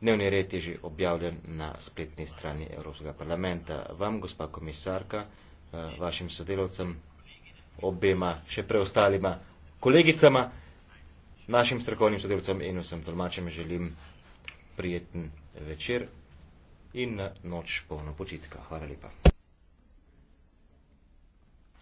Dnevni red je že objavljen na spletni strani Evropskega parlamenta. Vam, gospa komisarka, eh, vašim sodelovcem, obema še preostalima kolegicama, našim strokovnim sodelovcem in vsem tolmačem želim prijeten večer in noč polno počitka. Hvala lepa.